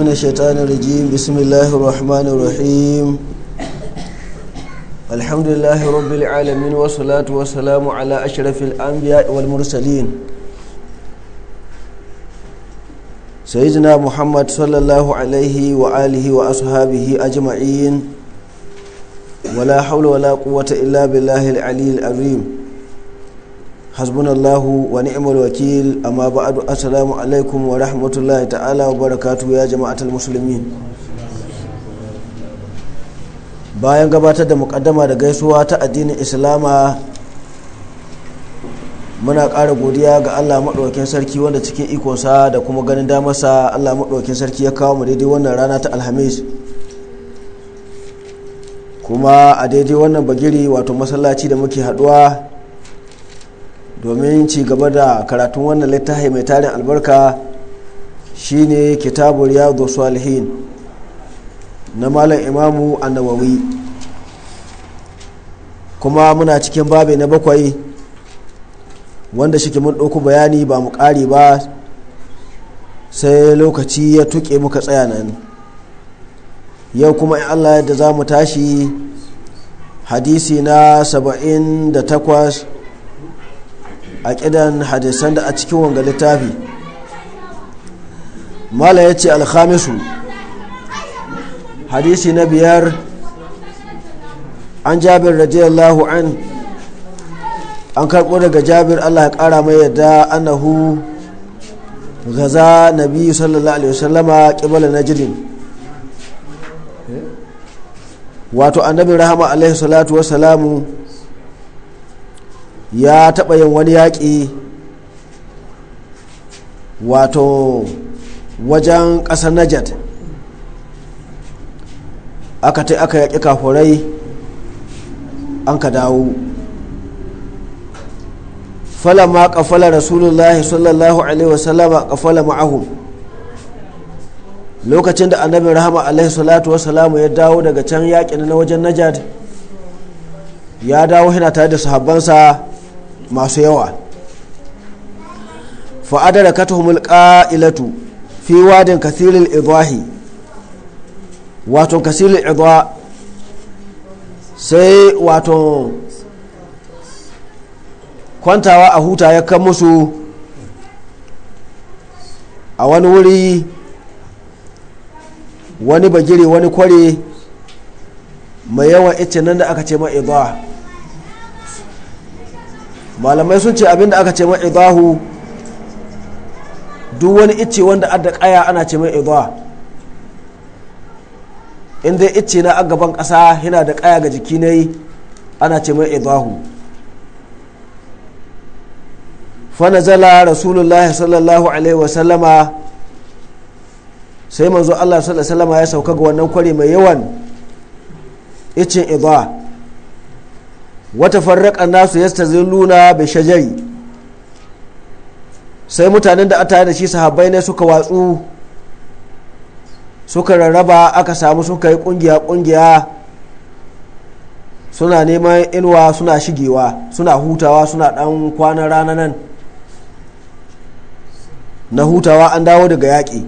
من الشيطان الرجيم بسم الله الرحمن الرحيم الحمد لله رب العالمين والصلاة والسلام على أشرف الأنبياء والمرسلين سيدنا محمد صلى الله عليه وآله وأصحابه أجمعين ولا حول ولا قوة إلا بالله العلي العظيم hasbunallahu wa ni'mal wakil amma ba'adu asalamu alaikum wa rahmatullahi ta'ala wa barakatu ya jama'atul musulmi bayan gabatar da mukaddama da gaisuwa ta addinin islama muna ƙara godiya ga allah maɗaukin sarki wanda cikin ikonsa da kuma ganin damarsa allah maɗaukin sarki ya kawo mu daidai wannan rana ta alhamis kuma a daidai wannan bagiri wato masallaci da muke haɗuwa domin ci gaba da karatun wannan littafi mai tarin albarka shine kitabu riyadu salihin na malam imamu nawawi. kuma muna cikin babi na bakwai wanda shike mun ɗauku bayani ba mu ƙari ba sai lokaci ya tuke muka tsaya nan yau kuma in allah yadda za mu tashi hadisi na da 78 a ƙidan hadisan da a cikin wanga littafi mala ya ce alhamisu hadisi na biyar an jabir radiyallahu an an karɓo daga jabir allah ya ƙara mai yadda annahu gaza nabi sallallahu alaihi wasallama ƙibala na jirin wato annabin rahama alaihi salatu wasalamu ya taɓa yin wani yaƙi wato wajen ƙasar najat aka ta aka yaƙi kafurai an ka dawo falama ƙafala rasulullahi sallallahu alaihi wasallama ƙafala ma'ahu lokacin da annabin rahama alaihi salatu wasalamu ya dawo daga can yaƙi na wajen najat ya dawo hina tare da sahabbansa masu yawa fa'adar da katuhumul ƙa'ilatu fi wadin kasirin idwahi wato kasirin idwa sai wato kwantawa a huta ya kan musu a wani wuri wani bagire wani kware mai yawan ita nan da aka ce ma idwa malamai sun ce abinda aka ce mai idahu duk wani icce wanda adda kaya ana ce mai idahu inda icce na a gaban ƙasa yana da kaya ga jiki ne ana ce mai idahu fanazala rasulullah sallallahu alaihi wasallama sai manzo allah sallallahu alaihi wasallama ya sauka ga wannan kware mai yawan icin idahu wata farraƙa nasu yastazilluna bai shajari sai mutanen da ata da shi sahabbai ne suka watsu suka rarraba aka samu suka yi kungiya kungiya suna neman inuwa suna shigewa suna hutawa suna dan kwanan rana nan na hutawa an dawo daga yaƙi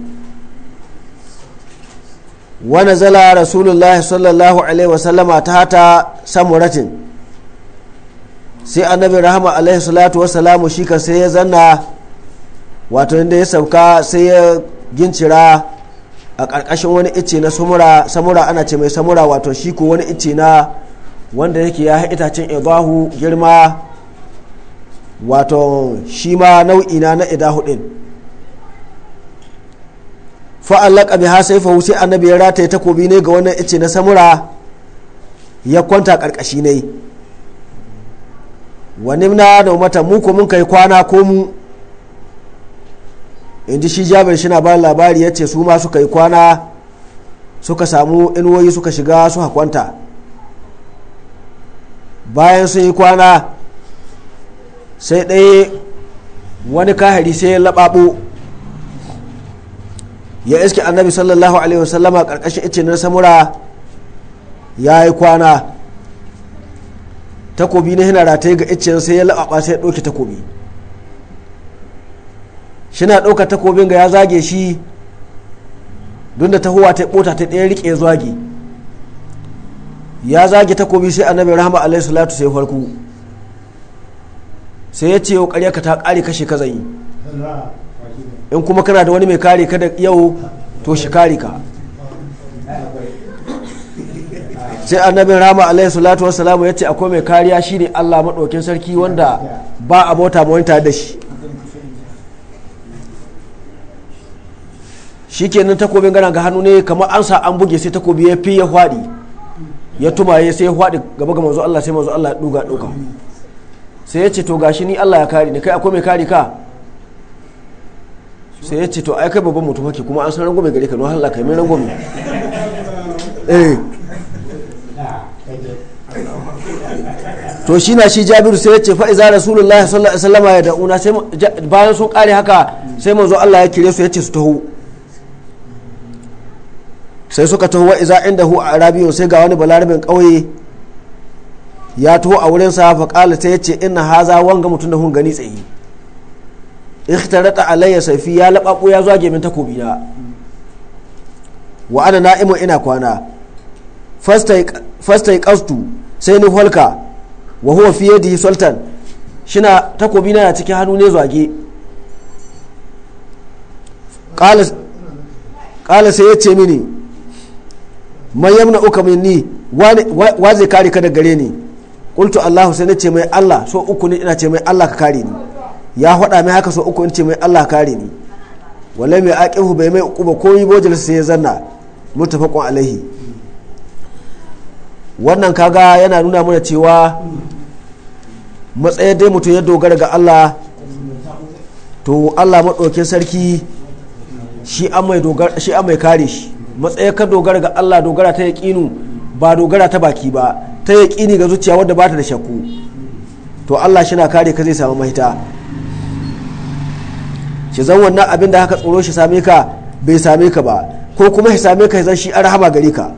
wani zala rasulullah sallallahu alaihi wasallama ta hata samuratin sai annabi rahama alaihi salatu wasalamu shi ka sai ya zanna wato inda ya sauka sai ya gincira a ƙarƙashin wani icce na samura samura ana ce mai samura wato shi ko wani icce na wanda yake ya itacen idahu girma wato shi ma nau'i na na idahu din fa'allaka biha saifahu sai annabi ya rataye takobi ne ga wannan icce na samura ya kwanta ƙarƙashi ne wani na da mata mu ko mun kai kwana ko mu in ji shi jabir shi na ba labari ya ce su ma suka yi kwana suka samu inuwoyi suka shiga su kwanta bayan sun yi kwana sai ɗaya wani kahari sai ya laɓaɓo ya iske annabi sallallahu alaihi wasallama ƙarƙashin ice na samura ya yi kwana takobi na yana rataye ga iccen sai ya laɓaɓa sai ya ɗauke takobi shi na ɗauka takobin ga ya zage shi don da tahowa ta ɓota ta ɗaya riƙe zage ya zage takobi sai annabi rahama alaihi salatu sai farko sai ya ce yau ka ta ƙare kashe ka zai in kuma kana da wani mai kare ka da yau to shi kare ka sai annabin rama alaihi salatu wassalamu ya ce akwai mai kariya shine allah maɗaukin sarki wanda ba a bauta wani da shi shi nan takobin gana ga hannu ne kamar an sa an buge sai takobi ya fi ya hwaɗi ya tumaye sai ya hwaɗi gaba ga manzo allah sai manzo allah ya ɗuga ɗuga sai ya ce to gashi ni allah ya kare ni kai akwai mai kare ka sai ya ce to ai kai babban mutum hake kuma an san rangwame gare ka no allah kai mai rangwame eh to shi na shi jabiru sai ya ce fa'iza rasulullahi sallallahu alaihi ya da'una bayan sun kare haka sai manzo Allah ya kire su ya ce su taho sai suka taho wa iza inda hu a arabiyo sai ga wani balarabin kauye ya taho a wurin sa fa sai ya ce inna haza wanga mutum da hun gani tsaye ikhtarata alayya safi ya labako ya zuwa gemin takobi na wa ana na'imu ina kwana fastai kastu sai ni falka wa huwa fi yadihi sultan shina takobi na cikin hannu ne zage kala sai ya ce mini man yamna uka minni wa zai kare ka da gare ni kultu allah sai na ce mai allah so uku ne ina ce mai allah ka kare ni ya hada mai haka so uku in ce mai allah ka kare ni wala mai aqihu bai mai uku ba koyi bojil sai ya zanna mutafaqun alaihi wannan kaga yana nuna mana cewa matsayin dai mutum ya dogara ga Allah to Allah maɗaukin sarki shi an mai kare shi matsayin ka dogara ga Allah dogara ta yaƙinu ba dogara ta baki ba ta yaƙini ga zuciya wadda ba ta da shakku to Allah shi na kare ka zai sami mahita shi zan wannan abin da haka tsoro shi same ka bai same ka ba ko kuma shi same ka zan shi an rahama gari ka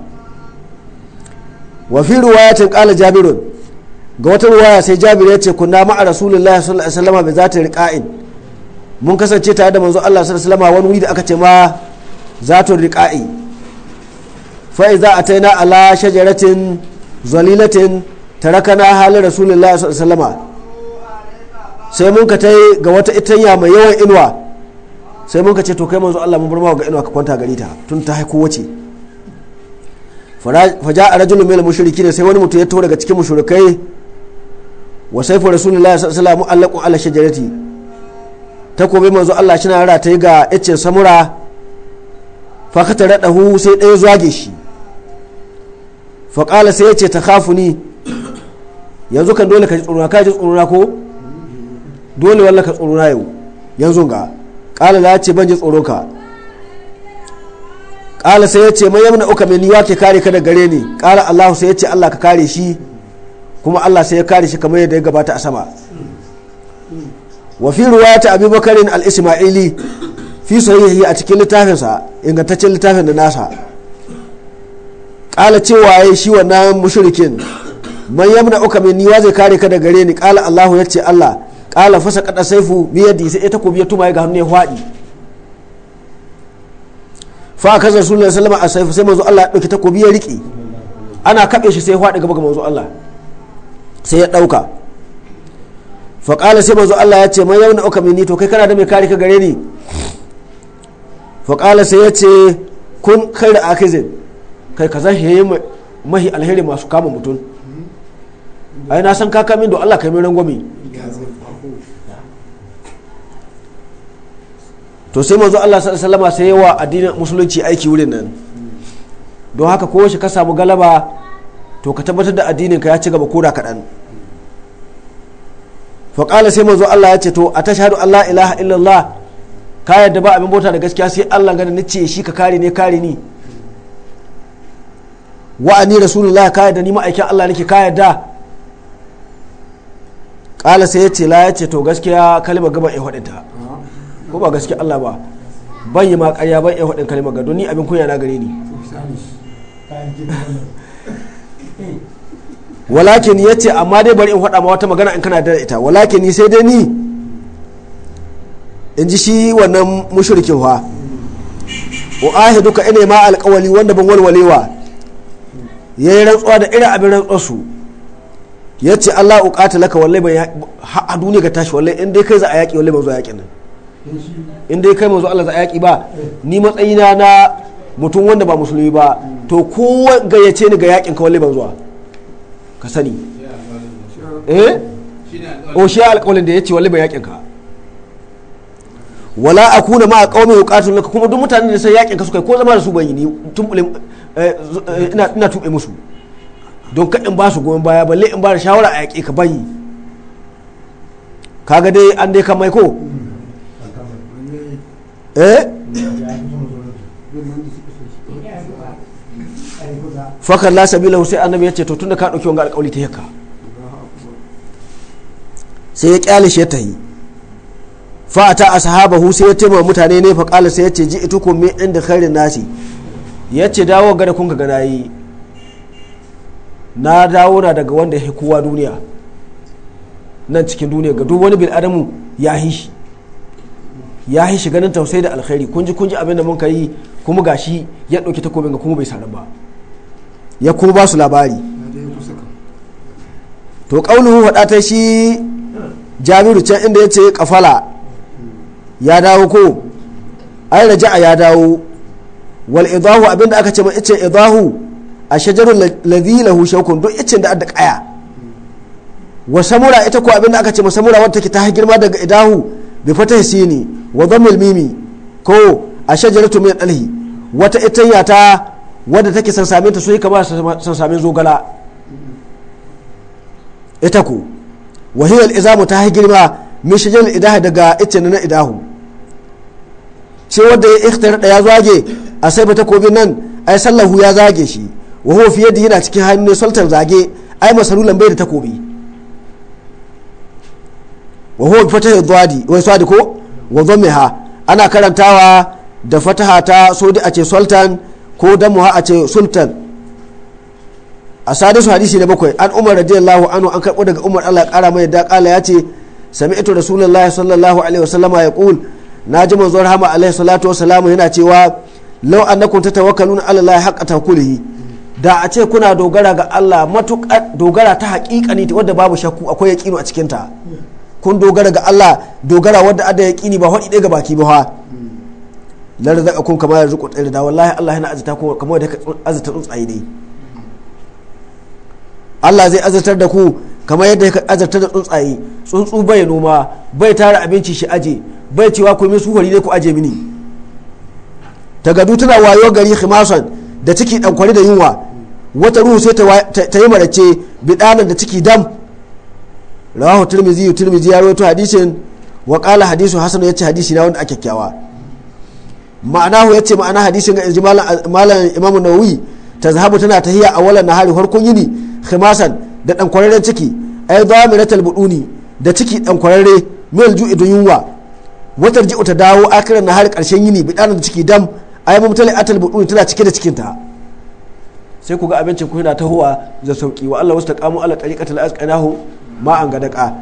wa fi riwayatin kala jabirun ga wata ruwaya sai jabir ya ce kunna ma'a rasulullahi sallallahu alaihi wasallam za ta riqa'in mun kasance tare da manzo Allah sallallahu alaihi wasallam wani wuri da aka ce ma zatun riqa'i fa idza ataina ala shajaratin zalilatin tarakana halin rasulullahi sallallahu alaihi wasallam sai mun ka tai ga wata itanya mai yawan inuwa sai mun ka ce to kai manzo Allah mun bar ma ga inuwa ka kwanta gari ta tun ta haiku wace faja a rajulun mil mushriki ne sai wani mutum ya taho daga cikin mushrikai wa saifu rasulullahi sallallahu alaihi wasallam ala shajarati kobe manzo Allah shi na yi ga iccen samura fa ka tare dahu sai ɗaya zage shi fa qala sai yace ta ni yanzu kan dole ka ji tsorona ka ji tsorona ko dole walla ka tsorona yau yanzu ga qala la ce ban ji tsoro ka qala sai yace mai yamna uka mai liwa ke kare ka da gare ni qala Allah sai yace Allah ka kare shi kuma Allah sai ya kare shi kamar yadda ya gabata a sama wa fi riwayati Abi bakarin al-Isma'ili fi sahihi a cikin littafinsa ingantaccen littafin da nasa kala cewa yayi shi wannan mushrikin man yamna uka min niwa zai kare ka da gare ni kala Allah ya ce Allah kala fasa kada saifu bi yadi sai ita biya tuma ga hannu ya fadi fa a sallallahu alaihi wasallam a saifu sai manzo Allah ya dauki takobi ya riki ana kabe shi sai ya fadi gaba ga manzo Allah sai ya ɗauka faƙala sai manzo Allah ya ce mai yau na uka mini to kai kana da mai kare ka gare ni faƙala sai ya ce kun da akizin kai ka zan mahi alheri masu kama mutum ai na san kaka min da Allah kai mai rangwami to sai manzo Allah sallallahu alaihi wasallama sai yawa addinin musulunci aiki wurin nan don haka kowace ka samu galaba to ka tabbatar da addinin ka ya ci gaba koda kaɗan faƙala sai manzo Allah ya ce to a tashhadu Allah ilaha illallah ka yadda ba abin bauta da gaskiya sai Allah gani ni ce shi ka kare ne kare ni wa ani rasulullah ka yadda ni ma'aikin Allah nake ka yadda ƙala sai ya ce la ya ce to gaskiya kalmar gaba ya ta ko ba gaskiya Allah ba ban yi ma ƙarya ban ya haɗin kalmar ga don ni abin kunya na gare ni walakin ya ce amma dai bari in faɗa ma wata magana in kana da ita walakin ni sai dai ni in ji shi wannan mushrikin wa wa duka ina ma alƙawali wanda ban walwalewa ya yi rantsuwa da irin abin su ya ce Allah uƙata laka wallai bai a duniya ga tashi wallai in dai kai za a yaƙi wallai ban zo yaƙi nan in dai kai manzo Allah za a yaƙi ba ni matsayina na mutum wanda ba musulmi ba to ko gayyace ni ga yakin ka ban zuwa ka sani eh o shi alƙawalin da ya ce wallahi ban yakin ka wala a kuna ma a ƙaumin hukatun laka kuma duk mutanen da sai yakin ka suka ko zama da su ban yi ni eh, eh, ina tuɓe musu don ka in ba su goyon baya balle in ba da shawara a yaƙe ka bayi yi kaga dai an dai kamai ko eh fakar la sabila sai annabi ya ce to tunda ka dauki wanga alƙawli ta yaka sai ya kyale shi ta yi fa ata hu sai ya taimaka mutane ne fa qala sai ya ce ji itukum min inda khairin nasi ya ce dawo ga da kun ga yi na dawo na daga wanda ya kowa duniya nan cikin duniya ga duk wani bil adamu ya hi shi ya hi shi ganin tausayi da alkhairi kun ji kun ji abin da mun kai kuma gashi ya dauki takobin ga kuma bai sanar ba ya kuma ba su labari to ƙaunuhu ta shi jamiru can inda ya ce kafala ya dawo ko ai raja ya dawo wal idahu abinda aka ce ma ice idahu a shajarun ladhi lahu shaukun duk icen da adda kaya wa samura ita ko abinda aka ce ma samura wadda take ta girma daga idahu bi fatah sini wa dhammil mimi ko a shajaratu min dalhi wata itanya ta wadda take sansamin ta sai kamar sansamin zogala ita ku wahiyar izamu ta girma min shijin idaha daga ice na idahu ce wadda ya ikhtar da ya zage a sai ta kobin nan ai sallahu ya zage shi wa huwa fi yadi yana cikin hannu sultan zage ai masarulan bai da takobi wa huwa fatahu dwadi wai swadi wa dhammiha ana karantawa da fataha ta sodi a ce sultan ko damuha a ce sultan a sadisu hadisi na bakwai an umar radiyallahu anhu an karbo daga umar allah ƙara mai da ƙala ya ce sami'tu rasulullahi sallallahu alaihi wasallama ya ƙul na ji manzon rahama alaihi salatu wasalamu yana cewa lau annakum tatawakkaluna ala allahi haqqa tawakkulihi da a ce kuna dogara ga allah matuƙar dogara ta haƙiƙani wadda babu shakku akwai yaƙinu a cikinta kun dogara ga allah dogara wadda ada yaƙini ba haɗi ɗaya ga baki ba la razaqakum kama yarzuqu tsaye da wallahi Allah yana azata ku kamar da azata tsuntsaye ne Allah zai azartar da ku kamar yadda ka azartar da tsuntsaye tsuntsu bai noma bai tara abinci shi aje bai cewa ku mai suhuri ne ku aje mini tagadu tana wayo gari khimasan da ciki dankwari da yunwa wata ruhu sai ta yi marace bidanan da ciki dam rawahu tirmizi turmizi ya rawaito hadisin wa qala hadisu hasan yace hadisi na wanda a kyakkyawa ma'anahu ya ce ma'ana hadisin ga inji malam imamu nawawi ta zahabu tana tahiya a walan nahari harkon yini khimasan da dan kwararren ciki ay dhaminatal buduni da ciki dan kwararre mil ju'i dun yunwa watar ji'u ta dawo akiran nahari karshen yini bidanan da ciki dam ay mumtali atal buduni tana cike da cikin ta sai ku ga abincin ku yana tahowa da sauki wa Allah wasta qamu ala tariqatil azqanahu ma'an gadaka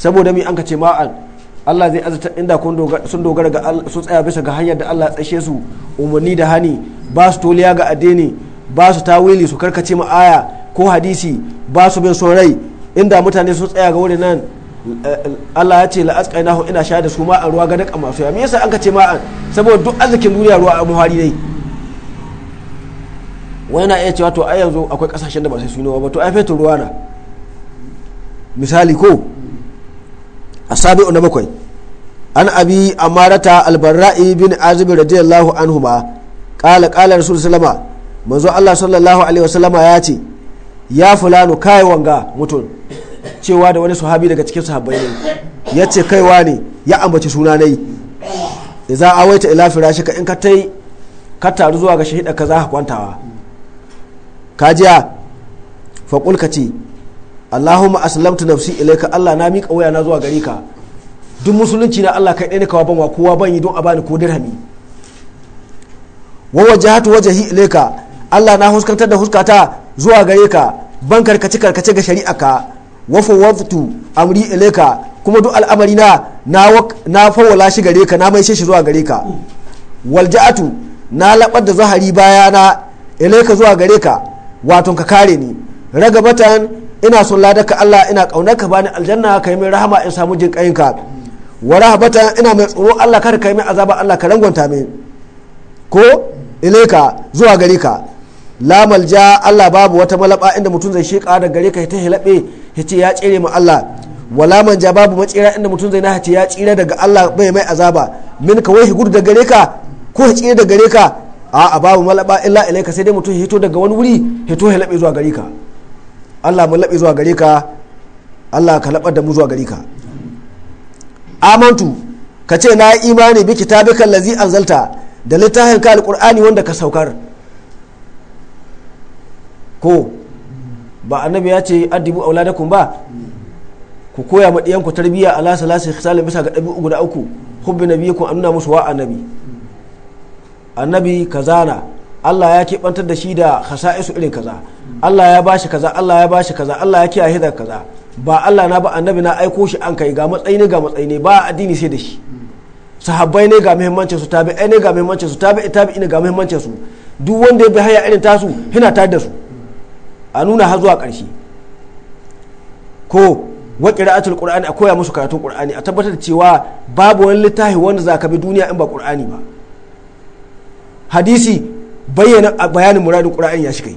saboda mi an kace ce ma'an Allah zai azata inda sun dogara ga sun tsaya bisa ga hanyar da Allah ya tsashe su umarni da hani ba su toliya ga addini ba su tawili su karkace ma aya ko hadisi ba su bin son rai inda mutane sun tsaya ga wurin nan Allah ya ce la'asqainahu ina sha da su ma an ruwa ga daka masu ya me yasa an ka ce ma saboda duk arzikin duniya ruwa a muhari dai wani na iya cewa to ai yanzu akwai kasashen da ba sai su yi ba to ai fetur ruwa na misali ko a asabi'u na bakwai an abi amarata albarra'i bin azib radiyallahu anhuma qala qala rasul salama manzo Allah sallallahu alaihi wasallama ya ce ya fulano kai wanga mutum cewa da wani sahabi daga cikin sahabai ne ya ce kaiwa ne ya ambaci suna nai da za a waita ila firashika in ka tai ka taru zuwa ga shahida ka za ka kwantawa kajiya faƙul ka ce Allahumma aslamtu nafsi ilaika Allah na miƙa waya na zuwa gare ka duk musulunci na Allah kai ɗaya ne kawo banwa kowa ban yi don a bani ko dirhami wa waje hi ilaika Allah na huskantar da huskata zuwa gare ka ban karkace karkace ga shari'a ka wa fawwaftu amri ilaika kuma duk al'amari na na fawwala shi gare ka na mai shi zuwa gare ka walja'atu na labar da zahari baya na ilaika zuwa gare ka wato ka kare ni ragabatan ina son ladaka Allah ina ka bani aljanna kai min rahama in samu jin ka wa rahabatan ina mai tsoro Allah kar kai min azaba Allah ka rangwanta min ko ilaika zuwa gare ka la malja Allah babu wata malaba inda mutum zai sheka da gare ka ta hilabe yace ya tsire mu Allah wala ja babu matsira inda mutum zai nahace ya tsire daga Allah bai mai azaba min ka wai gudu da gare ka ko ya tsira da gare ka a'a babu malaba illa ilaika sai dai mutum hito daga wani wuri hito hilabe zuwa gare ka Allah mu laɓe zuwa gare ka Allah ka laɓar da mu zuwa gare ka amantu ka ce na yi imani bi kitabikan lazi an zalta da littafin ka Alƙur'ani wanda ka saukar ko ba annabi ya ce addibu auladakum ba ku koya ma diyan ku tarbiya ala salasi khisalin bisa ga dabi'u guda uku hubbi ku annuna musu wa annabi annabi kazana Allah ya keɓantar da shi da hasa'isu irin kaza Allah ya bashi kaza Allah ya bashi kaza Allah ya kiyaye da kaza ba Allah na ba annabi na aiko shi an kai ga matsayi ne ga matsayi ne ba addini sai da shi sahabbai ne ga muhimmancin su tabi'ai ne ga muhimmancin su tabi'i tabi'i ne ga muhimmancin su duk wanda ya bi haya irin tasu hina ta da su a nuna har zuwa ƙarshe ko wa qira'atul qur'ani a koya musu karatun qur'ani a tabbatar da cewa babu wani littafi wanda zaka bi duniya in ba qur'ani ba hadisi bayyana bayanin muradin qur'ani ya shiga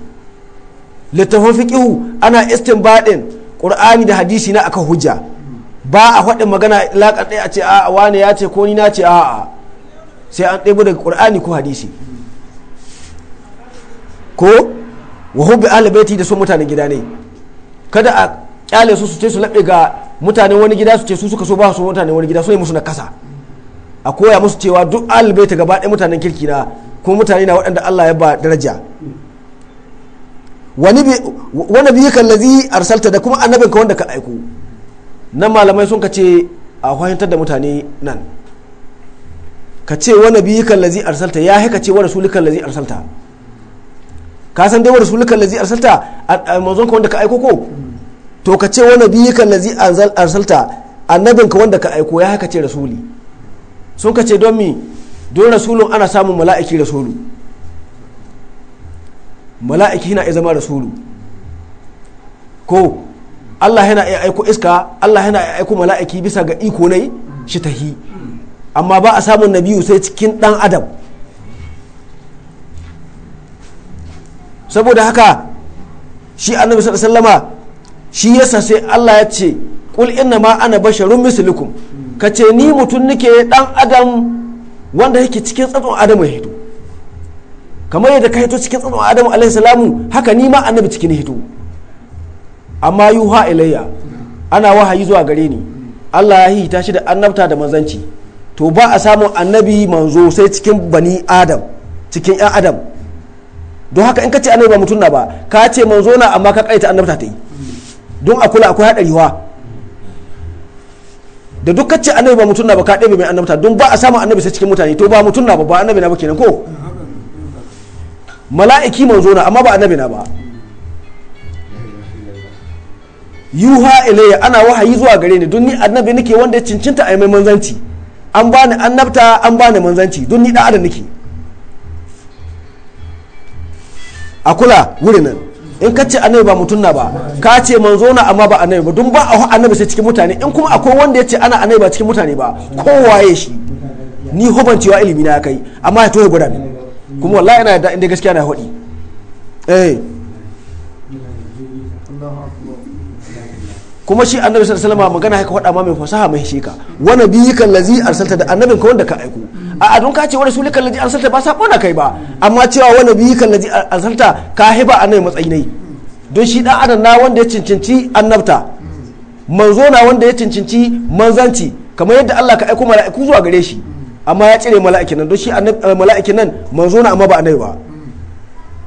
littafin fiqihu ana istinbadin qur'ani da hadisi na aka hujja ba a faɗin magana laƙar ɗaya a ce a wani ya ce ko ni na ce a'a sai an ɗebo daga ƙur'ani ko hadisi ko wa hubbi ahli da su mutanen gida ne kada a kyale su su ce su laɓe ga mutanen wani gida su ce su suka so ba su mutanen wani gida su ne musu na kasa a koya musu cewa duk ahli baiti gaba ɗaya mutanen kirki na kuma mutane na waɗanda Allah ya ba daraja wani biyu kan kallazi arsalta da kuma annabin ka wanda ka aiko nan malamai sun ka ce a fahimtar da mutane nan ka ce wani biyu kan kallazi arsalta ya haika ce wani suli kallazi arsalta ka san dai wani suli kallazi arsalta a manzon ka wanda ka aiko ko to ka ce wani biyu kan kallazi arsalta annabin ka wanda ka aiko ya haika ce rasuli sun ka ce don mi don rasulun ana samun mala'iki rasulu mala'iki na iya zama rasulu ko Allah yana iya aiko iska Allah yana iya aiko mala'iki bisa ga iko nai shi tahi amma ba a samun nabiyu sai cikin dan adam saboda haka shi annabi sallama shi yasa sai Allah ya ce kul inna ma ana basharun ka kace ni mutum nike dan adam wanda yake cikin tsatson adam ya hito kamar yadda ka hito cikin tsatson adam alaihi haka ni ma annabi cikin hito amma yuha ilayya ana wahayi zuwa gare ni Allah ya hita shi da annabta da manzanci to ba a samun annabi manzo sai cikin bani adam cikin yan adam don haka in ka ce annabi ba mutum na ba ka ce manzo na amma ka kaita annabta ta yi don a kula akwai haɗari wa da duk kacce annabi ba mutum na ba ka ɗebe mai annabta don ba a samun annabi sai cikin mutane to ba mutum na ba ba annabi na ba kenan ko mala'iki manzo na amma ba annabi na ba yuha ilayya ana wahayi zuwa gare ni don ni annabi nake wanda ya cincinta a mai manzanci an bani annabta an bani manzanci don ni da adam a kula wurin nan in ka ce annabi ba mutum na ba ka ce manzo na amma ba annabi ba don ba a annabi sai cikin mutane in kuma akwai wanda ya ce ana annabi ba cikin mutane ba kowaye shi ni hubancewa ilimi na kai amma ya toye guda ne kuma wallahi yana da inda gaskiya na hudi eh kuma shi annabi sallallahu alaihi wasallam magana haka faɗa ma mai fasaha mai shika wa nabiyyikal lazi arsalta da annabin ka wanda ka aiko a adun ka ce wa rasulika allazi arsalta ba sabo na kai ba amma cewa wa nabiyika allazi arsalta ka hiba anai matsayi ne don shi dan adam na wanda ya cincinci annabta manzo na wanda ya cincinci manzanci kamar yadda Allah ka aiko mala'iku zuwa gare shi amma ya cire mala'ikin nan don shi eh, mala'ikin nan manzo na amma ba anai ba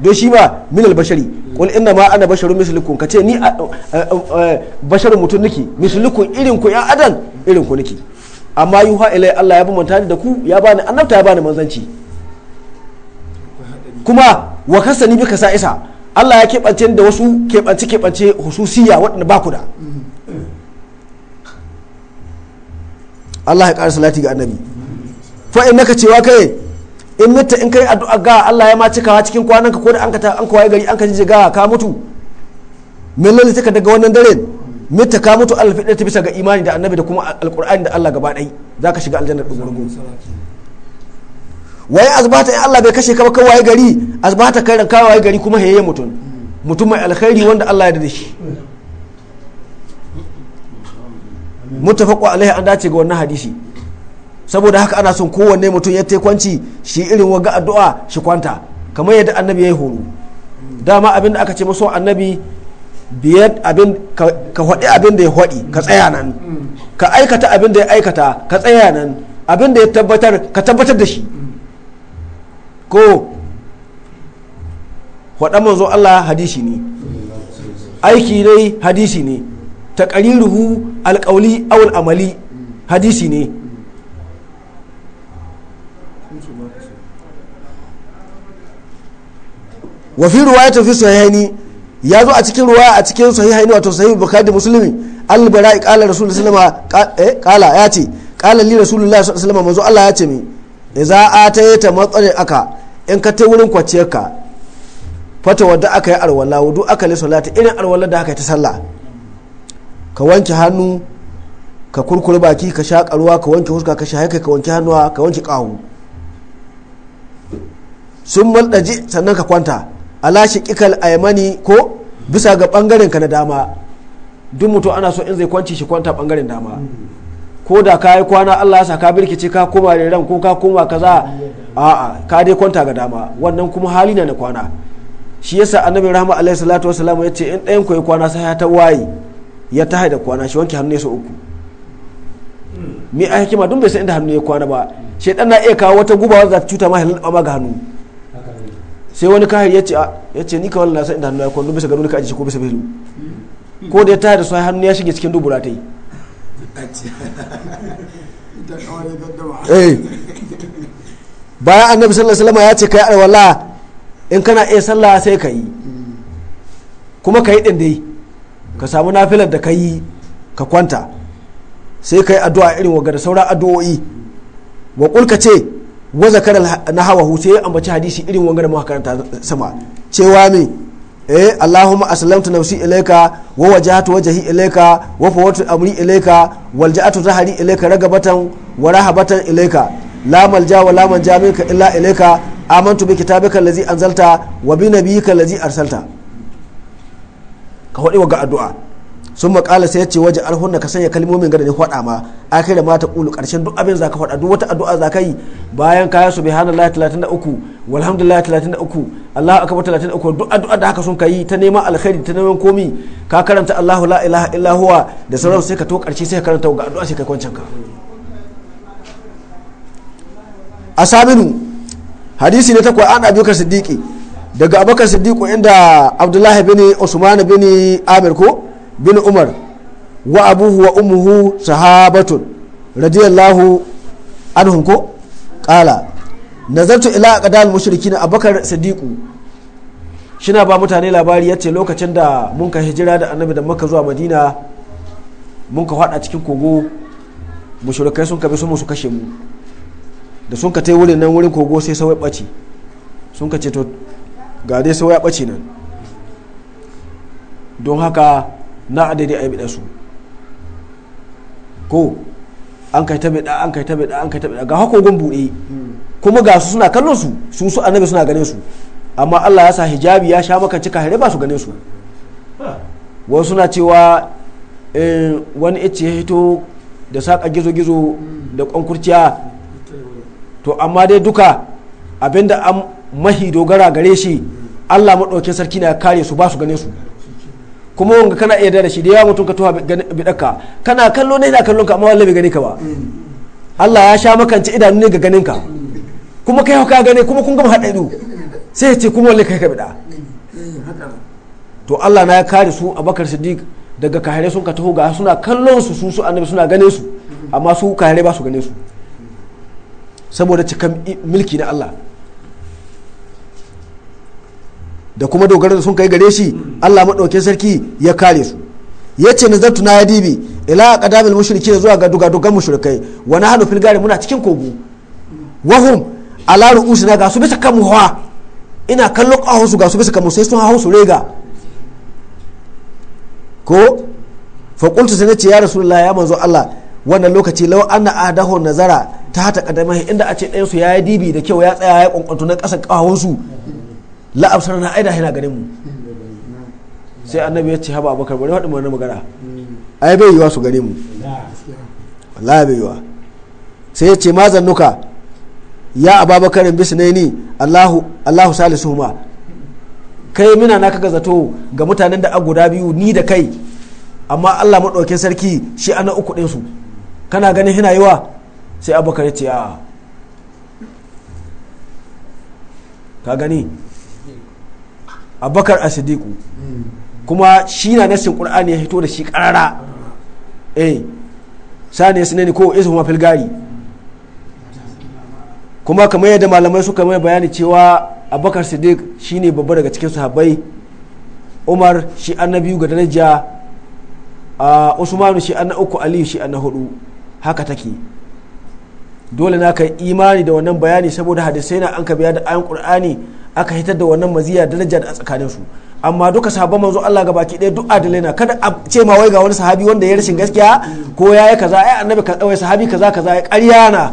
don shi ba minal bashari kul inna ma ana basharun mislukum kace ni eh, eh, basharun mutun niki mislukum irin ku ya adam irin ku niki amma yuha ilai Allah ya bambanta ni da ku ya bani annabta ya bani manzanci kuma wa kasani bi kasa isa Allah ya keɓance da wasu keɓance keɓance hususiya waɗanda ba ku da Allah ya ƙara salati ga annabi fa in naka cewa kai in mutta in kai addu'a ga Allah ya ma cikawa cikin ka ko da an ka ta an ka waye gari an ka ji ga ka mutu me lalle take daga wannan daren mita ka mutu Allah fiɗe ta bisa ga imani da annabi da kuma Alƙur'ani da Allah gaba ɗai ka shiga aljanna ɗin gurgu waye azbata in Allah bai kashe ka ba kawai gari azbata kai ranka kawai gari kuma heye mutum mutum mai alkhairi wanda Allah ya da shi muttafaqu alaihi an dace ga wannan hadisi saboda haka ana son kowanne mutum ya kwanci shi irin waga addu'a shi kwanta kamar yadda annabi ya yi horo dama abin da aka ce maso annabi biyar abin ka haɗi abin da ya haɗi ka tsaya nan ka aikata abin da ya aikata ka tsaya nan abin da ya tabbatar ka tabbatar da shi ko haɗa manzo Allah hadisi ne aiki dai hadisi ne taqariruhu alƙauli awul amali hadisi ne wa fi ya fi sahihaini ya zo a cikin ruwa a cikin sahihaini wato sahih bukhari musulmi al-bara'i qala rasulullahi sallallahu kala eh, ya ce kala li rasulun salama alaihi manzo Allah ya ce mi yi ta matsarin aka in ka tai wurin ka fata wadda aka yi arwala wudu aka li salati irin arwala da aka yi ta sallah ka wanke hannu ka kurkure baki ka sha ruwa ka wanke huska ka sha ka wanke hannuwa ka wanke kahu sun maldaji sannan ka kwanta ala shiqikal aymani ko bisa ga bangaren ka na dama duk mutum ana so in zai kwanci shi kwanta bangaren dama ko da ka yi kwana Allah ya sa ka birkice ka koma ran ko ka koma kaza a'a ka dai kwanta ga dama wannan kuma hali na na kwana shi yasa annabi rahama alaihi salatu wasallam ya ce in ɗayan ku yi kwana sai ya ta waye ya ta haida kwana shi wanke hannu ya so uku me a hikima duk bai san inda hannu ya kwana ba shedan na iya kawo wata guba wanda za ta cuta ma halin ga hannu sai wani kahir ya ce ah, ya ce ni ka wallahi sai inda hannu ya kwallo bisa gado ka aje ko bisa bilu ko da ya tare da su hannu ya shige cikin dubura ta yi eh. bayan annabi sallallahu alaihi wasallam ya ce kai alwala in kana iya sallah sai ka yi kuma ka yi din dai ka samu nafilar da ka yi ka kwanta sai ka yi addu'a irin waga da sauran addu'o'i wa kulka ce wa zakara na hawa hutu ya ambaci hadisi irin wangar da karanta sama cewa me eh allahumma aslamtu nafsi ilayka wa wajhatu wajhi ilayka wa fawatu amri ilayka walja'atu zahri ilayka ragabatan wa rahabatan ilayka la malja wa la manja minka illa ilayka amantu bi kitabika allazi anzalta wa bi nabiyyika allazi arsalta ka hodi wa ga addu'a sun makala sai ya ce waje alhunna ka sanya kalmomin gada ne faɗa ma kai da mata ƙulu ƙarshen duk abin za ka faɗa duk wata addu'a za ka yi bayan kaya su subhanallah 33 walhamdulillah 33 Allahu akbar 33 duk addu'a da haka sun kai ta neman alkhairi ta neman komi ka karanta Allahu la ilaha illa huwa da sauran sai ka to ƙarshe sai ka karanta ga addu'a sai kai kwancan ka asabinu hadisi ne ta kwa an abubakar siddiqi daga abubakar siddiqi inda abdullahi bin usman bin amir ko bin umar wa abuhu wa umuhu sahabatun radiyallahu anhum ko kala nazartu ila qadal mushrikin abakar sadiqu shina ba mutane labari yace lokacin da mun ka hijira da annabi da makka zuwa madina mun ka hada cikin kogo mushrikai sun ka bi su kashe mu da sun ka tai wurin nan wurin kogo sai sai bace sun ka ce to ga dai ya bace nan don haka na adadi a yi su ko an kai ta bida an kai ta bida an kai ta bida ga gun buɗe kuma ga su suna kallon su su su annabi suna ganin su amma Allah ya sa hijabi ya sha maka cika hare ba su ganin su wasu suna cewa eh, wani ice ya hito da saka gizo-gizo da kwankurciya to amma dai duka abinda an mahi dogara gare shi Allah maɗaukin sarki na kare su ba su ganin su kuma wanga kana iya da shi da yawa mutum ka tuha bidaka kana kallo ne ina kallon ka amma wallahi bai ka ba Allah ya sha makance idanu ne ga ganin ka kuma kai ka gane kuma kun gama haɗaɗu sai ya ce kuma wallahi kai ka bida to Allah na ya kare su Abubakar Siddiq daga kahare sun ka taho ga suna kallon su su su annabi suna ganin su amma su kahare ba su gane su saboda cikan mulki na Allah da kuma dogaro da sun kai gare shi Allah maɗaukin sarki ya kare su ya ce nazartu na ya dibi ila qadamil mushriki zuwa ga dugadugan mushrikai wa nahnu fil gari muna cikin kogo wahum ala ru'usina ga su bisa kan hawa ina kallon ƙahon su ga su bisa kan sai sun hawo su rega ko fa qultu sai ce ya rasulullahi ya manzo Allah wannan lokaci law anna adahu nazara ta hata kadamai inda a ce ɗayan su ya yi dibi da kyau ya tsaya ya kwankwanto na ƙasa ƙahon la'absar na aida hina ganin mu sai annabi ya ce haba abubakar bari faɗin wani magana ai bai yiwa su gare mu wallahi bai yiwa sai ya ce ma zannuka ya ababakarin na yi ni allahu salisu ma kai mina na kaga zato ga mutanen da guda biyu ni da kai amma allah maɗaukin sarki shi ana uku ɗin su kana ganin hina yiwa sai abubakar ya ce a ka gani abubakar asidiku kuma shi na nassin qur'ani ya hito da shi karara eh sani ya sinani ko isu kuma filgari kuma kamar yadda malamai suka mai bayani cewa abubakar shi ne babba daga cikin sahabbai umar shi biyu ga daraja a usmanu shi na uku aliyu shi na hudu haka take dole na kai imani da wannan bayani saboda hadisai na an ka biya da ayan qur'ani aka hitar da wannan maziya daraja a tsakanin su amma duka sahabban manzo Allah ga baki ɗaya duk adalai na kada a ce ma wai ga wani sahabi wanda ya rashin gaskiya ko ya yi kaza ai annabi ka wai sahabi kaza kaza ya ƙarya na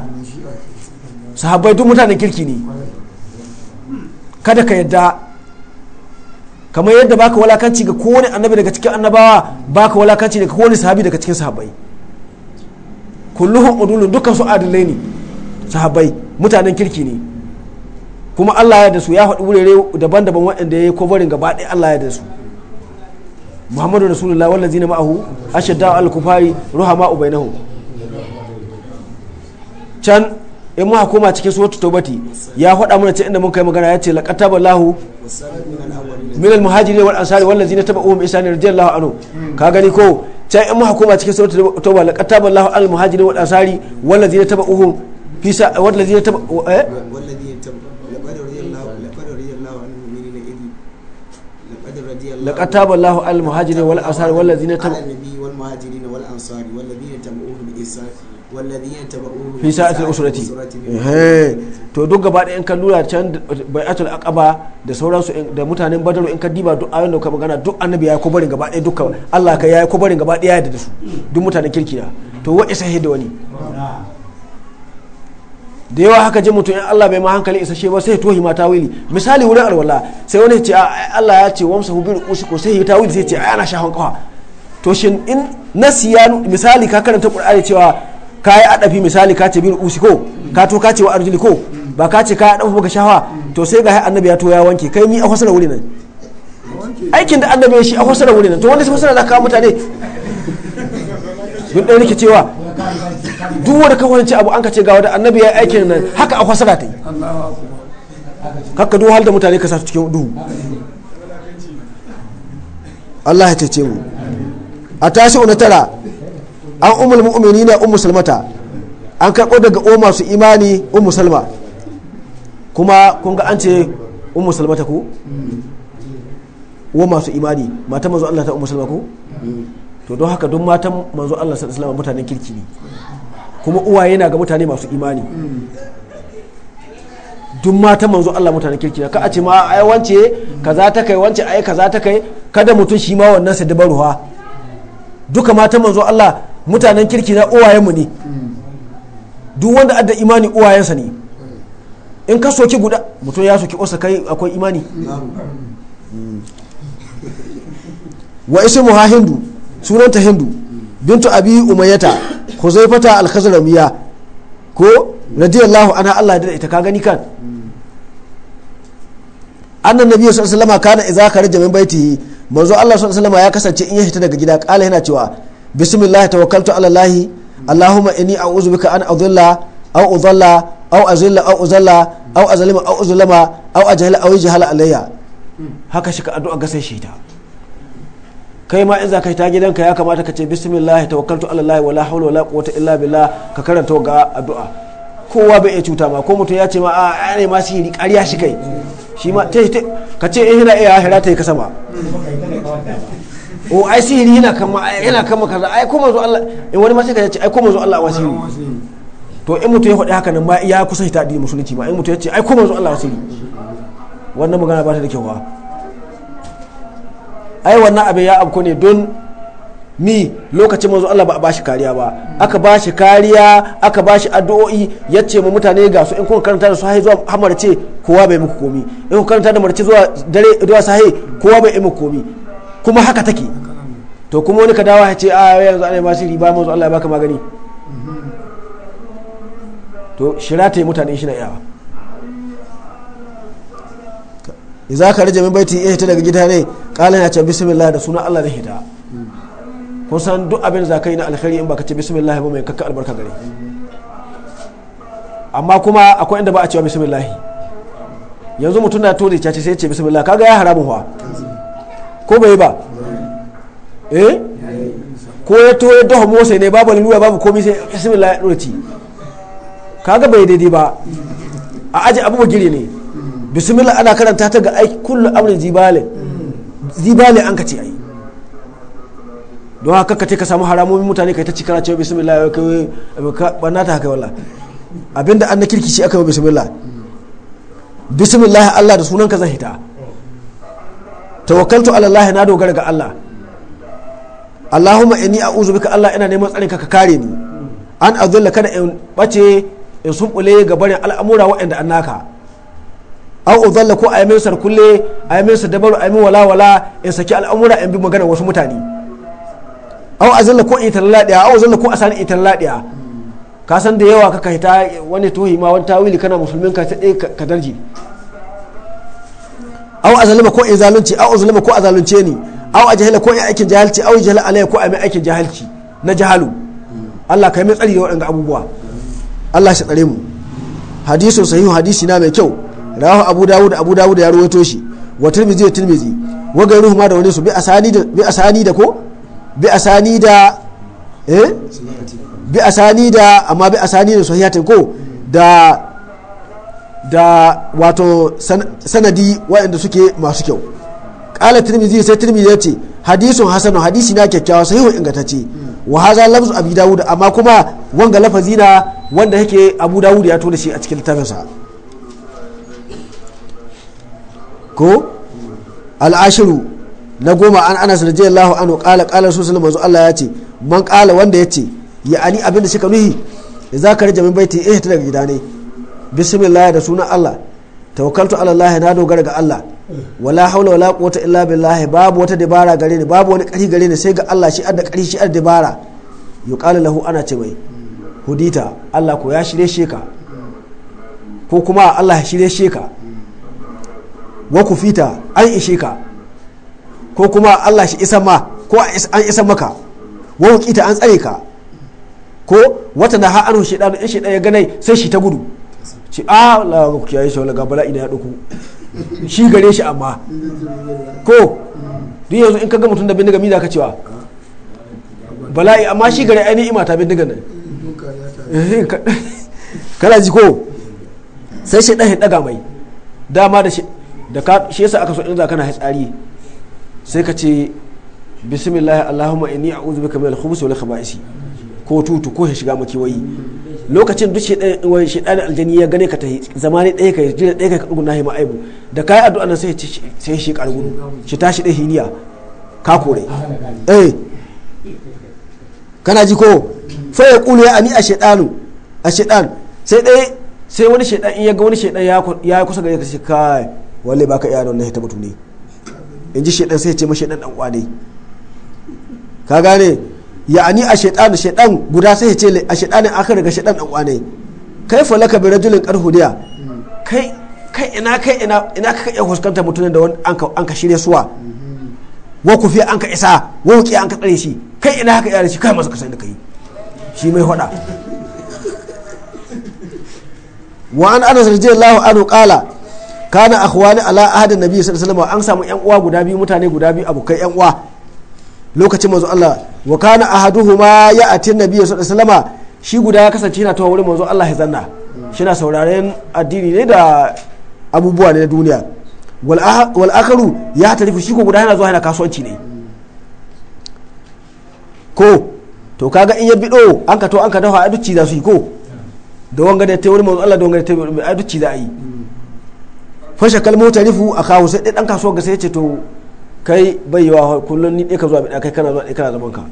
sahabbai duk mutanen kirki ne kada ka yadda kamar yadda baka walakanci ga kowane annabi daga cikin annabawa baka walakanci daga kowane sahabi daga cikin sahabbai kulluhum udulun dukkan su adalai ne sahabbai mutanen kirki ne kuma Allah ya da su ya haɗu wurare daban-daban waɗanda ya yi kovarin gaba ɗaya Allah ya da su muhammadu rasulullah wallazi zina ma'ahu ashadda al-kufari ruhama ubainahu can in muka koma cikin wata taubati ya faɗa mana ce inda mun kai magana ya ce laqataba lahu minal al-muhajirin wal ansari zina na umar ihsan radiyallahu anhu ka gani ko can in muka koma cikin suratul tauba laqataba lahu al-muhajirin wal ansari wallazi na tabi'uhum fi wallazi na tabi'uhum eh? لقد تاب الله على المهاجرين والأنصار والذين تبعوا النبي والمهاجرين والأنصار والذين تبعوه بإحسان والذين تبعوه في ساعة الأسرة to duk gaba ɗaya in lura can bai'atul aqaba da sauransu da mutanen badaru in diba duk ayoyin da ka magana duk annabi yayi kobarin gaba ɗaya dukkan Allah ka yayi kobarin gaba ɗaya da su duk mutanen kirki na to wa isa da wani da yawa haka ji mutum in Allah bai ma hankali isashe ba sai tohi ma tawili misali wurin alwala sai wani ce Allah ya ce wamsa hubi rukusi ko sai wili sai ce ana shahon kawa to shin in nasi ya misali ka karanta qur'ani cewa ka yi adafi misali ka ce bin rukusi ko ka to ka ce wa arjuli ko ba ka ce ka yi adafi baka shawa to sai ga annabi ya to ya wanke kai ni a fasara wurin nan aikin da annabi ya shi a fasara wurin nan to wanda sai fasara da ka mutane duk ɗaya nake cewa duk wanda kawai wani abu an ka ce ga wanda annabi ya aikin nan haka akwai saka ta yi haka duk hal da mutane ka sa cikin duhu Allah ya cece mu a tashi na tara an umul mu'mini ne ummu salmata an karɓo daga o masu imani ummu salma kuma kun ga an ce ummu salmata ko wa masu imani mata mazu Allah ta ummu salma ko to don haka don matan manzo Allah sallallahu mutanen kirki ne kuma uwaye na ga mutane masu imani duk matan manzo Allah mutanen kirki ne ka a ce ma ai wance kaza ta kai wance ai kaza ta kai kada mutum shi ma wannan sa dabaruwa duka matan manzo Allah mutanen kirki na uwayenmu ne duk wanda adda imani uwayensa ne in ka soki guda mutum ya soki osa kai akwai imani wa ismu ha hindu sunanta hindu bintu abi umayyata huzaifata al-khazramiya ko radiyallahu anha Allah da ita ka gani kan annan nabiyyu sallallahu alaihi wasallam kana idza kharaja min baiti manzo Allah sallallahu alaihi wasallam ya kasance in ya fita daga gida kala yana cewa bismillah tawakkaltu ala allahi allahumma inni a'udhu bika an adilla aw udalla aw azilla aw uzalla aw azlima aw uzlama aw ajhala aw yajhala alayya haka shi ka addu'a ga sai shi kai ma in za ka yi ta gidanka ya kamata ka ce bismillah tawakkaltu ala allah wala hawla wala quwwata illa billah ka karanta ga addu'a kowa bai iya cuta ma ko mutum ya ce ma a ne ma sihiri ƙarya shi kai shi ma ka ce in eh, yana iya hira ta yi kasa ma o oh, ai sihiri yana kama yana kama kaza ai ko manzo Allah in eh, wani ma sai ka ce ai ko manzo Allah wasiri to in mutum ya faɗi haka nan ma ya kusa hita addinin musulunci ma in mutum ya ce ai ko manzo Allah wasiri wannan magana ba ta da kyau ba ai wannan abin ya abku ne don mi lokacin manzo Allah ba a bashi kariya ba aka bashi kariya aka bashi addu'o'i ya ce mu mutane ga su in kuka karanta da sahi zuwa hamar ce kowa bai muku komi in kuka karanta da marci zuwa dare zuwa sahi kowa bai muku komi kuma haka take to kuma wani ka dawa ya ce a ah, yanzu ana bashi riba manzo Allah ya baka magani to shira ta yi mutane shi na iyawa za ka raja min baiti ya ta daga gida ne kalan ya ce bismillah da suna Allah na hita kun san duk abin za ka yi na alkhairi in baka ce bismillah ba mai kakka albarka gare amma kuma akwai inda ba a cewa bismillah yanzu mutum na to da ce sai ce bismillah kaga ya haramun wa ko bai ba eh ko ya to ya dahu motsa ne babu laluwa babu komai sai bismillah ya dora ci kaga bai daidai ba a aji abu gire ne bismillah ana karanta ta ga aiki kullum amurin jibalin zidane an ka ce yi don haka ka ce ka samu haramomin mutane yi ta ci kana cewa bismillah ya kai banna ta haka wallah abinda an na kirki ce aka yi bismillah bismillah Allah da sunan ka zan hita tawakkaltu ala Allah na dogara ga Allah Allahumma inni a'udhu bika Allah ina neman tsarin ka ka kare ni an azulla kada in bace in sumbule ga barin al'amura waɗanda annaka an uzalla ko a yi mesar kulle a yi mesar dabaru a yi wala wala in saki al'amura in bi maganar wasu mutane an uzalla ko in taladiya an uzalla ko a sani in taladiya ka san da yawa kaka hita wani tohi ma wani tawili kana musulmin ka ta ka darji an uzalla ko in zalunci an uzalla ko a zalunce ni an ajahila ko in aikin jahilci an jahila alayya ko a aikin jahilci na jahalu Allah ka yi mai tsari da waɗanda abubuwa Allah shi tsare mu hadisu sahihu hadisi na mai kyau rawahu abu dawud abu dawud ya rawaito shi wa tirmidhi tirmidhi wa gairuhu ma da wani su bi asani da bi asani da ko bi asani da eh bi asani da amma bi asani da sahihatin ko da da wato sanadi waɗanda suke masu kyau kala tirmidhi sai tirmidhi ya ce hadisun hasanu hadisi na kyakkyawa sahihu ingantacce wa haza lafzu abi dawud amma kuma wanga lafazi na wanda yake abu dawud ya tona shi a cikin littafinsa ko al'ashiru na goma an anas anu kala kala su sallallahu alaihi Allah ya ce man kala wanda ya ce ya ani abinda shi ka nuhi za ka rage min baiti eh hita daga gida ne bismillah da sunan Allah tawakkaltu ala Allah na dogara ga Allah wala haula wala quwwata illa billah babu wata dabara gare ni babu wani kari gare ni sai ga Allah shi adda kari shi adda dabara yuqalu lahu ana ce mai hudita Allah ko ya shirye shi ka ko kuma Allah ya shirye shi ka wa ku fita an ishe ka ko kuma Allah shi isa ma ko an isa maka wa kita an tsare ka ko wata na ha'anu shi ɗan in shi ya ganai sai shi ta gudu ce a la ku kiyaye shi wala bala ina ya duku shi gare shi amma ko duk yanzu in ka ga mutum da bindiga mi da ka cewa bala'i amma shi gare ainihin ima ta bindiga nan kana ji ko sai shi ya daga mai dama da shi da ka shi yasa aka so in za kana hatsari sai ka ce bismillah allahumma inni a'udhu bika min al-khubuthi wal khaba'isi ko tutu ko ya shiga maki wayi lokacin duk shi shedan aljani ya gane ka tahi zamani ɗaya kai jira ɗaya kai ka dugun nahi ma'aibu da kai addu'a nan sai sai shi kargudu shi tashi dai hiniya ka kore eh kana ji ko fa ya qulu ya ani a shaytanu a shaytan sai dai sai wani shedan in ya ga wani shedan ya kusa gare ka kai ba baka iya wannan ta mutu ne in ji shaidan sai ce ma shaidan dan uwa ne ka gane ya'ani a shaidan shaidan guda sai ya ce a shaidan aka daga shaidan dan uwa ne kai falaka bi rajulin qarhudiya kai kai ina kai ina ina ka iya huskanta mutumin da wani an ka shirya suwa wa kufi an ka isa wa wuki an ka tsare shi kai ina haka iya shi kai masa kasan da kai shi mai hada wa an anas radiyallahu anhu qala kana akhwani ala ahadin nabi sallallahu alaihi wasallam an samu yan uwa guda biyu mutane guda biyu abokai yan uwa lokacin manzo Allah wa kana ahaduhuma ya atin nabi sallallahu alaihi wasallam shi guda ya kasance yana tawa wurin manzo Allah ya zanna shi na sauraren addini ne da abubuwa ne na duniya wal ah, akaru ya tarifu shi ko guda yana zuwa yana kasuwanci ne ko to kaga in ya bido an ka to an ka dafa a duk za su yi ko da wanga da ta wurin manzo Allah da wanga da ta aduci duk za a yi fashe kalmota rifu a kawo sai ɗaya ɗan kasuwa ga sai ce to kai bai yiwa kullum ni ɗaya ka zuwa mai kai kana zuwa ɗaya kana zaman ka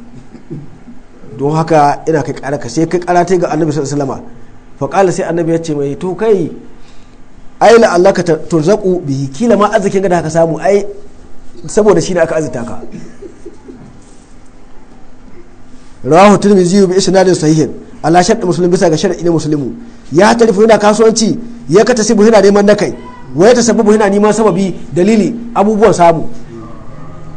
don haka ina kai ƙara ka sai kai ƙara ta ga annabi sallallahu alaihi wasallam sai annabi ya ce mai to kai ai la Allah ka turzaku bihi kila ma arzikin da haka samu ai saboda shi ne aka azita ka rawahu tirmidhi bi isnadin sahihin ala shart muslim bisa ga shar'i na muslimu ya tarifu yana kasuwanci ya katasibu yana neman na kai wa ya tasabbabu yana neman sababi dalili abubuwan samu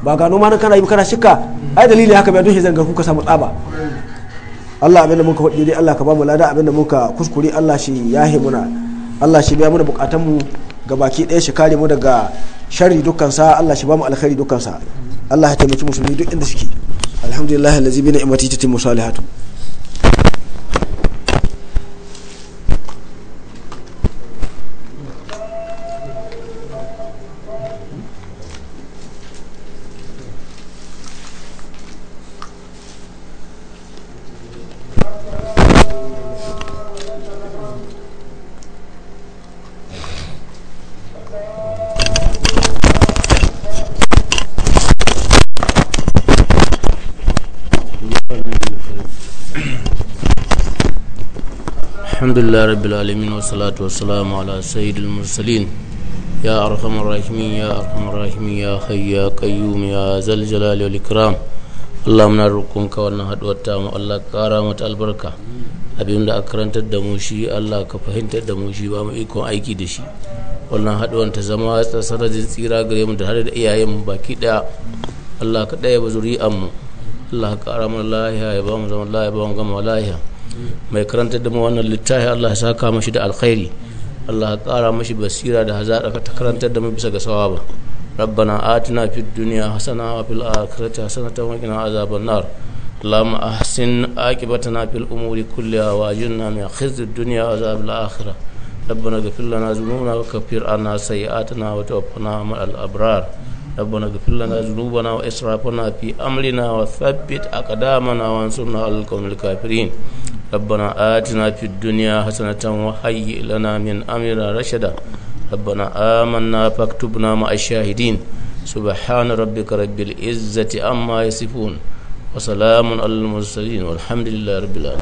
ba gano ma kana yi kana shika ai dalili haka bai dushe zanga kuka samu tsaba Allah abin da muka hudu dai Allah ka ba mu lada da muka kuskure Allah shi ya yahe muna Allah shi biya muna bukatun mu ga baki daya shi kare mu daga sharri dukkan sa Allah shi ba mu alkhairi dukkan sa Allah ya taimaki musulmi duk inda suke alhamdulillah allazi bina imati tatimmu salihatu الحمد لله رب العالمين والصلاة والسلام على سيد المرسلين يا أرحم الراحمين يا أرحم الراحمين يا حي يا قيوم يا ذا الجلال والإكرام Allah muna roƙonka wannan haɗuwar mu Allah ƙara mata albarka abin da aka karantar da mu shi Allah ka fahimtar da mu shi ba mu ikon aiki da shi wannan haɗuwar ta zama sanadin tsira gare mu da har da iyayen mu baki ɗaya Allah ka ɗaya mu Allah ka mana lahiya ya ba mu zama lahiya ba mu gama lahiya mai karanta da wannan littafi Allah ya saka mashi da alkhairi Allah ya kara mashi basira da hazaɗa ka karantar da mu bisa ga sawaba rabbana atina fid dunya hasana wa fil akhirati hasanata wa qina azaban nar lam ahsin aqibatana fil umuri kulliha wa ajirna min khizyid dunya wa azab al akhirah ربنا اغفر لنا ذنوبنا وكفر عنا سيئاتنا وتوفنا مع الابرار ربنا اغفر لنا ذنوبنا واسرافنا في امرنا وثبت اقدامنا وانصرنا على القوم الكافرين ربنا آتنا في الدنيا حسنة وهيئ لنا من أمرنا رشدا ربنا آمنا فاكتبنا مع الشاهدين سبحان ربك رب العزة أما يصفون وسلام على المرسلين والحمد لله رب العالمين